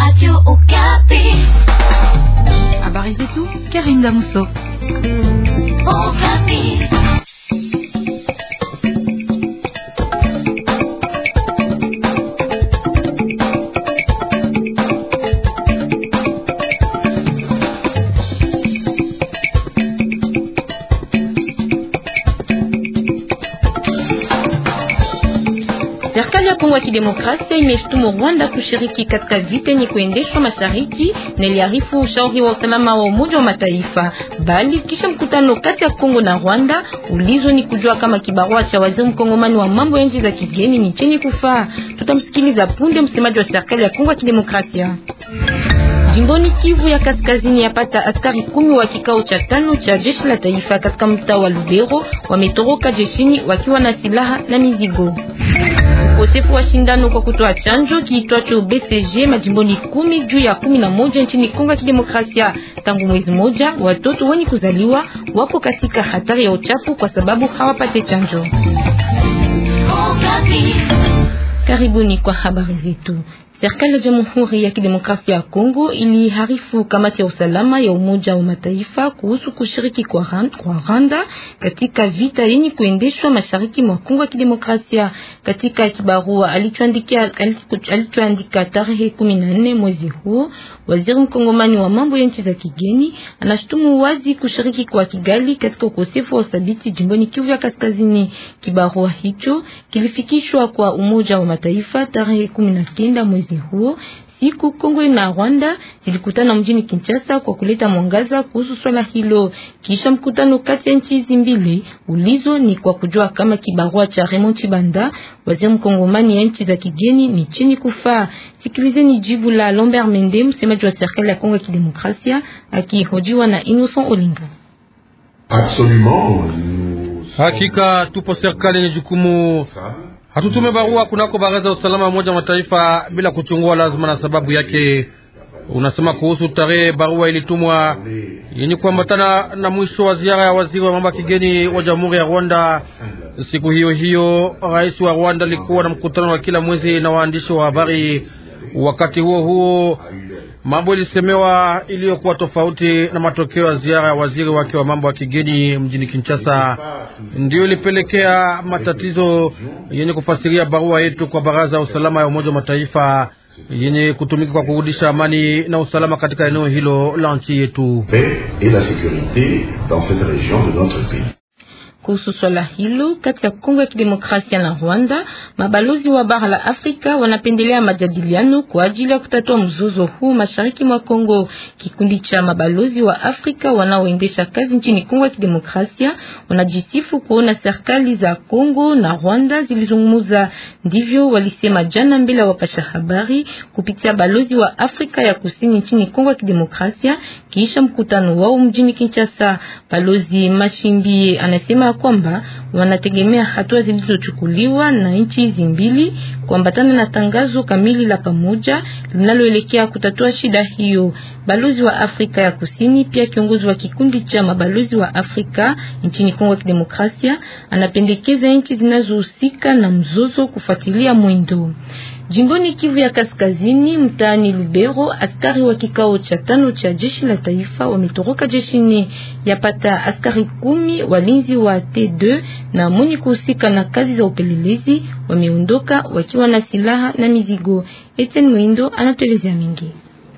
Radio Okapi. Habari tout, Karine Damuso. Okapi. Kongo ya Kidemokrasia imeshtumu Rwanda kushiriki katika vita yenye kuendeshwa mashariki na iliarifu ushauri wa usalama wa Umoja wa Mataifa, bali kisha mkutano kati ya Kongo na Rwanda ulizo ni kujua kama kibarua cha waziri mkongomani wa mambo ya nchi za kigeni ni chenye kufaa. Tutamsikiliza punde msemaji wa serikali ya Kongo ya Kidemokrasia. Jimboni Kivu ya kaskazini yapata askari kumi wa kikao cha tano cha jeshi la taifa katika mtaa wa Lubero wametoroka jeshini wakiwa na silaha na mizigo. Ukosefu wa shindano kwa kutoa chanjo kiitwacho BCG majimboni kumi juu ya kumi na moja nchini Kongo ya Kidemokrasia tangu mwezi moja, watoto wenye kuzaliwa wapo katika hatari ya uchafu kwa sababu hawapate chanjo. Karibuni kwa habari zetu. Serikali ya Jamhuri ya Kidemokrasia ya Kongo iliharifu kamati ya usalama ya Umoja wa Mataifa kuhusu kushiriki kwa Rwanda katika vita yenye kuendeshwa mashariki mwa Kongo ya Kidemokrasia. Katika kibarua alichoandika tarehe 14 mwezi huu, waziri mkongomani wa mambo ya nchi za kigeni anashutumu wazi kushiriki kwa Kigali katika ukosefu wa uthabiti jimboni Kivu ya Kaskazini. Kibarua hicho kilifikishwa kwa Umoja wa Mataifa tarehe 19 mwezi mwezi huo siku Kongo na Rwanda zilikutana mjini Kinshasa kwa kuleta mwangaza kuhusu swala hilo. Kisha mkutano kati ya nchi hizi mbili, ulizo ni kwa kujua kama kibarua cha Raymond Chibanda, waziri mkongomani ya nchi za kigeni, ni chini kufaa. Sikilizeni jibu la Lambert Mende, msemaji wa serikali ya Kongo ya Kidemokrasia, akihojiwa na Innocent Olinga. Absolument. Hakika tupo serikali yenye jukumu, hatutume barua kunako baraza ya usalama wa Umoja wa Mataifa bila kuchungua lazima na sababu yake. Unasema kuhusu tarehe barua ilitumwa yenye kuambatana na mwisho wa ziara ya waziri wa mambo ya kigeni wa Jamhuri ya Rwanda. Siku hiyo hiyo rais wa Rwanda alikuwa na mkutano wa kila mwezi na waandishi wa habari. Wakati huo huo Mambo ilisemewa iliyokuwa tofauti na matokeo ya ziara ya waziri wake wa mambo ya kigeni mjini Kinshasa ndiyo ilipelekea matatizo yenye kufasiria barua yetu kwa Baraza ya Usalama ya Umoja wa Mataifa yenye kutumika kwa kurudisha amani na usalama katika eneo hilo la nchi yetu. Kuhusu swala hilo katika ya Kongo ya Kidemokrasia na Rwanda, mabalozi wa bara la Afrika wanapendelea majadiliano kwa ajili ya kutatua mzozo huu mashariki mwa Kongo. Kikundi cha mabalozi wa Afrika wanaoendesha kazi nchini Kongo ya Kidemokrasia wanajisifu kuona serikali za Kongo na Rwanda zilizungumza, ndivyo walisema jana mbele ya wapasha habari kupitia balozi wa Afrika ya Kusini nchini Kongo ya Kidemokrasia kisha mkutano wao mjini Kinshasa. Balozi Mashimbi anasema wamesema kwamba wanategemea hatua zilizochukuliwa na nchi hizi mbili kuambatana na tangazo kamili la pamoja linaloelekea kutatua shida hiyo. Balozi wa Afrika ya Kusini, pia kiongozi wa kikundi cha mabalozi wa Afrika nchini Kongo ya Kidemokrasia, anapendekeza nchi zinazohusika na mzozo kufuatilia mwendo Jimboni Kivu ya Kaskazini, mtaani Lubero, askari wa kikao cha tano cha jeshi la taifa wametoroka jeshini. Yapata askari kumi walinzi wa T2 na mwenye kuhusika na kazi za upelelezi wameondoka wakiwa na silaha na mizigo. Etienne Mwindo anatuelezea mingi.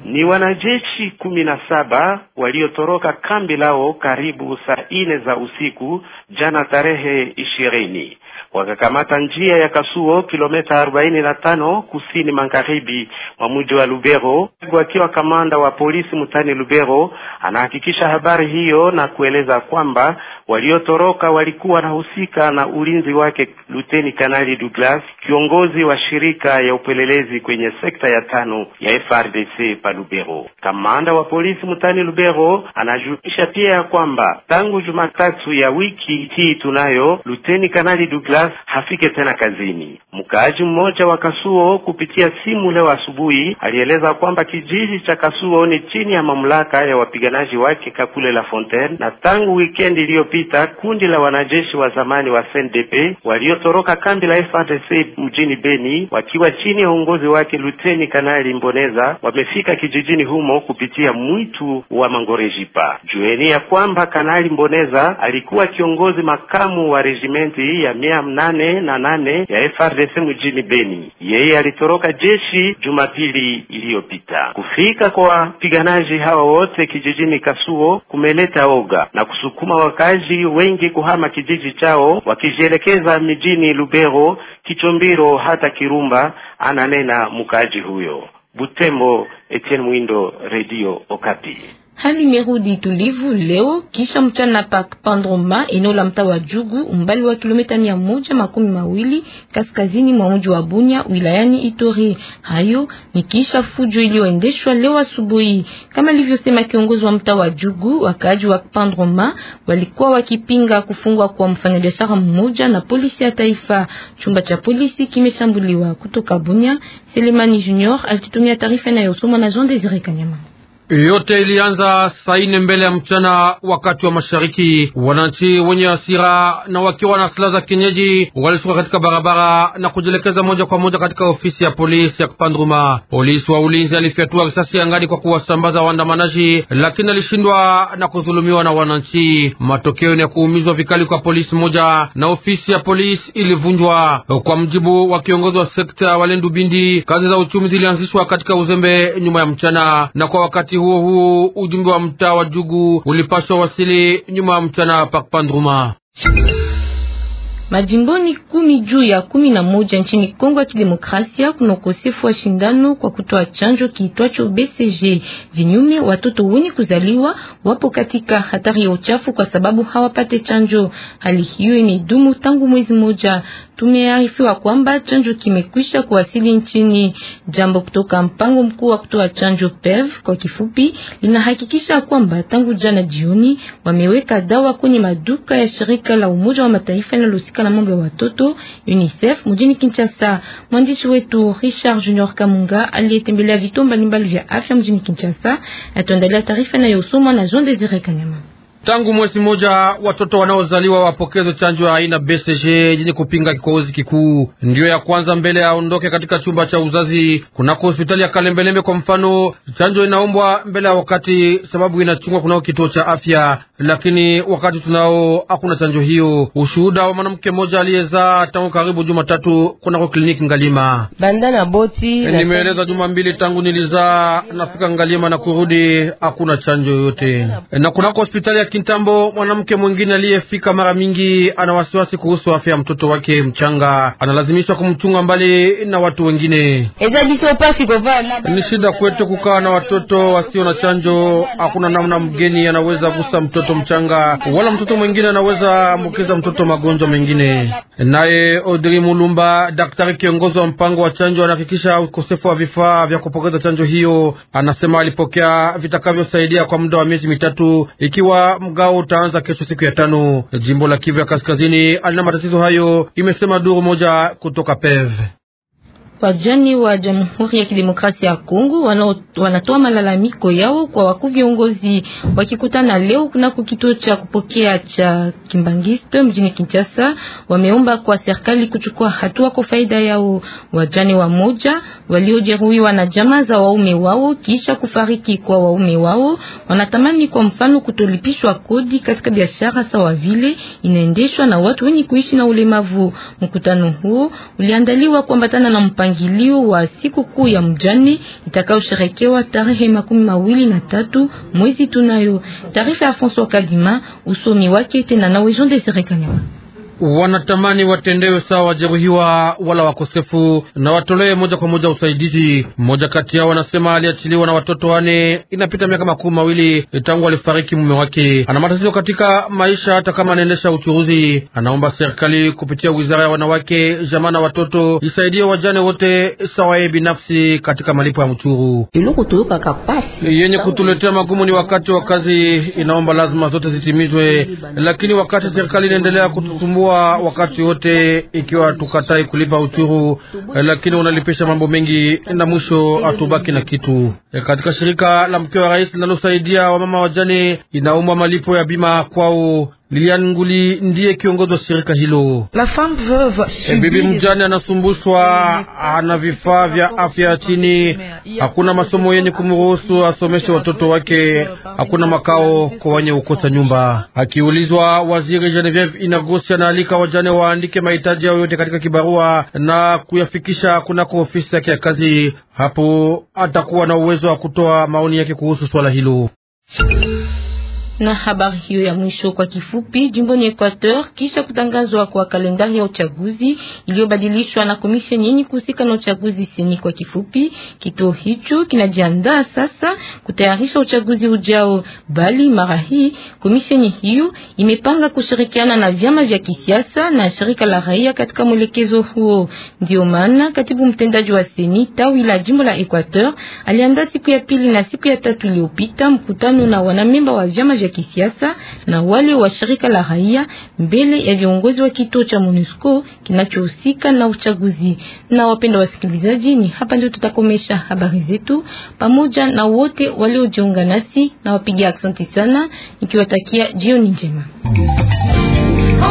Ni wanajeshi kumi na saba waliotoroka kambi lao karibu saa ine za usiku jana tarehe ishirini wakakamata njia ya Kasuo kilomita arobaini na tano kusini magharibi mwa mji wa Lubero. Akiwa kamanda wa polisi mtani Lubero, anahakikisha habari hiyo na kueleza kwamba Waliotoroka walikuwa wanahusika na ulinzi wake Luteni Kanali Douglas, kiongozi wa shirika ya upelelezi kwenye sekta ya tano ya FRDC pa Lubero. Kamanda wa polisi mtani Lubero anajulisha pia ya kwamba tangu Jumatatu ya wiki hii tunayo Luteni Kanali Douglas hafike tena kazini. Mkaaji mmoja wa Kasuo kupitia simu leo asubuhi alieleza kwamba kijiji cha Kasuo ni chini ya mamlaka ya wapiganaji wake Kakule La Fontaine na tangu wikendi iliyo iliyopita kundi la wanajeshi wa zamani wa CNDP waliotoroka kambi la FARDC mjini Beni wakiwa chini ya uongozi wake Luteni Kanali Mboneza wamefika kijijini humo kupitia mwitu wa Mangorejipa. Jueni ya kwamba Kanali Mboneza alikuwa kiongozi makamu wa regimenti ya mia nane na nane ya FARDC mjini Beni. Yeye alitoroka jeshi Jumapili iliyopita. Kufika kwa wapiganaji hawa wote kijijini Kasuo kumeleta oga na kusukuma wakazi wakaaji wengi kuhama kijiji chao wakijielekeza mijini Lubero, Kichombiro hata Kirumba, ananena mkaaji huyo Butembo. Etienne Mwindo, Radio Okapi. Hali imerudi tulivu leo kisha mchana pa Pandroma, eneo la mtaa wa Jugu, umbali wa kilomita mia moja makumi mawili kaskazini mwa mji wa Bunya wilayani Itore. Hayo ni kisha fujo iliyoendeshwa leo asubuhi, kama alivyosema kiongozi wa mtaa wa Jugu. Wakaaji wa Pandroma walikuwa wakipinga kufungwa kwa mfanyabiashara mmoja na polisi ya taifa. Chumba cha polisi kimeshambuliwa. Kutoka Bunya, Selemani Junior alitumia taarifa inayosomwa na Jean Desire Kanyama. Yote ilianza saa ine mbele ya mchana, wakati wa mashariki. Wananchi wenye hasira na wakiwa na silaha za kienyeji walishuka katika barabara na kujielekeza moja kwa moja katika ofisi ya polisi ya Kupandruma. Polisi wa ulinzi alifyatua risasi angani kwa kuwasambaza waandamanaji, lakini alishindwa na kudhulumiwa na wananchi. Matokeo ni ya kuumizwa vikali kwa polisi moja na ofisi ya polisi ilivunjwa. Kwa mjibu wa kiongozi wa sekta Walendu Bindi, kazi za uchumi zilianzishwa katika uzembe nyuma ya mchana na kwa wakati huo huo ujumbe wa mtaa wa Jugu ulipashwa wasili nyuma ya mchana pakpandruma Majimboni kumi juu ya kumi na moja nchini Kongo ya Kidemokrasia kuna ukosefu wa shindano kwa kutoa chanjo kiitwacho BCG. Vinyume watoto wenye kuzaliwa wapo katika hatari ya uchafu kwa sababu hawapate chanjo. Hali hiyo imedumu tangu mwezi mmoja tumearifiwa kwamba chanjo kimekwisha kuwasili nchini. Jambo kutoka mpango mkuu wa kutoa chanjo PEV kwa kifupi, linahakikisha kwamba tangu jana jioni wameweka dawa kwenye maduka ya shirika la Umoja wa Mataifa linalohusika na mambo ya watoto UNICEF mjini Kinshasa. Mwandishi wetu Richard Junior Kamunga aliyetembelea vituo mbalimbali vya afya mjini Kinshasa atuandalia taarifa inayosomwa na Jean Desire Kanyama. Tangu mwezi mmoja watoto wanaozaliwa wapokezwe chanjo ya aina BCG yenye kupinga kikohozi kikuu, ndiyo ya kwanza mbele aondoke katika chumba cha uzazi. Kunako hospitali ya Kalembelembe kwa mfano, chanjo inaombwa mbele ya wakati, sababu inachungwa kunao kituo cha afya, lakini wakati tunao hakuna chanjo hiyo. Ushuhuda wa mwanamke mmoja aliyezaa tangu karibu juma tatu kunako kliniki Ngalima. Nimeeleza juma mbili tangu nilizaa, nafika Ngalima na kurudi, hakuna chanjo yoyote. Na kunako hospitali ya Kintambo, mwanamke mwingine aliyefika mara mingi, ana wasiwasi kuhusu afya ya mtoto wake mchanga, analazimishwa kumchunga mbali na watu wengine. Ni shida kwetu kukaa na watoto wasio na chanjo. Hakuna namna mgeni anaweza gusa mtoto mchanga, wala mtoto mwingine anaweza ambukiza mtoto magonjwa mengine. Naye Odri Mulumba, daktari kiongozi wa mpango wa chanjo, anahakikisha ukosefu wa vifaa vya kupokeza chanjo hiyo. Anasema alipokea vitakavyosaidia kwa muda wa miezi mitatu ikiwa mgao utaanza kesho siku ya tano. Jimbo la Kivu ya Kaskazini alina matatizo hayo, imesema duru moja kutoka PEV. Wajani wa Jamhuri ya Kidemokrasia ya Kongo wanatoa malalamiko yao kwa wakuu viongozi, wakikutana leo kuna kituo cha kupokea cha Kimbangisto mjini Kinshasa. Wameomba kwa serikali kuchukua hatua kwa faida yao. Wajani wa moja waliojeruhiwa na jamaa za waume wao kisha kufariki kwa waume wao wanatamani kwa mfano kutolipishwa kodi katika biashara sawa vile inaendeshwa na watu wenye kuishi na ulemavu. Mkutano huo uliandaliwa kuambatana na mpango mpangilio wa sikukuu ya mjani itakayosherekewa tarehe makumi mawili na tatu mwezi tunayo. Taarifa ya François Kadima, usomi wake tena na Jean Desire Kanyama wanatamani watendewe sawa wajeruhiwa wala wakosefu na watolewe moja kwa moja usaidizi. Mmoja kati yao anasema aliachiliwa na watoto wane, inapita miaka makumi mawili e, tangu alifariki mume wake. Ana matatizo katika maisha hata kama anaendesha uchuruzi. Anaomba serikali kupitia wizara ya wanawake, jamaa na watoto isaidie wajane wote sawa yeye binafsi katika malipo ya mchuru e, yenye kutuletea magumu. Ni wakati wa kazi inaomba lazima zote zitimizwe, lakini wakati serikali inaendelea kutusumbua kulipa wakati wote, ikiwa tukatai kulipa uchuru, eh, lakini unalipisha mambo mengi na mwisho atubaki na kitu. Eh, katika shirika la mke wa rais linalosaidia wamama wajane, inaomba malipo ya bima kwao Lilian Nguli ndiye kiongozi wa shirika hilo. Eh, bibi mjane anasumbushwa, ana vifaa vya afya chini, hakuna masomo yenye kumruhusu asomeshe watoto wake, hakuna makao kwa wenye ukosa nyumba. Akiulizwa, waziri Genevieve Inagosi anaalika wajane waandike mahitaji yao yote katika kibarua na kuyafikisha kunako ofisi yake ya kazi. Hapo atakuwa na uwezo wa kutoa maoni yake kuhusu swala hilo. Na habari hiyo ya mwisho kwa kifupi, jimboni Equateur, kisha kutangazwa kwa kalendari ya uchaguzi iliyobadilishwa na komisheni yenye kuhusika na uchaguzi seni, kwa kifupi, kituo hicho kinajiandaa sasa kutayarisha uchaguzi ujao, bali mara hii komisheni hiyo imepanga kushirikiana na vyama vya kisiasa na shirika la raia katika mwelekezo huo. Ndio maana katibu mtendaji wa seni tawi la jimbo la Equateur aliandaa siku ya pili na siku ya tatu iliyopita mkutano na wanamemba wa vyama vya kisiasa na wale wa shirika la raia mbele ya viongozi wa kituo cha MONUSCO kinachohusika na uchaguzi. Na wapenda wasikilizaji, ni hapa ndio tutakomesha habari zetu pamoja na wote waliojiunga nasi, na wapiga asante sana, nikiwatakia jioni njema.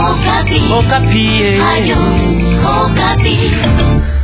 Okapi. Okapi. Okapi.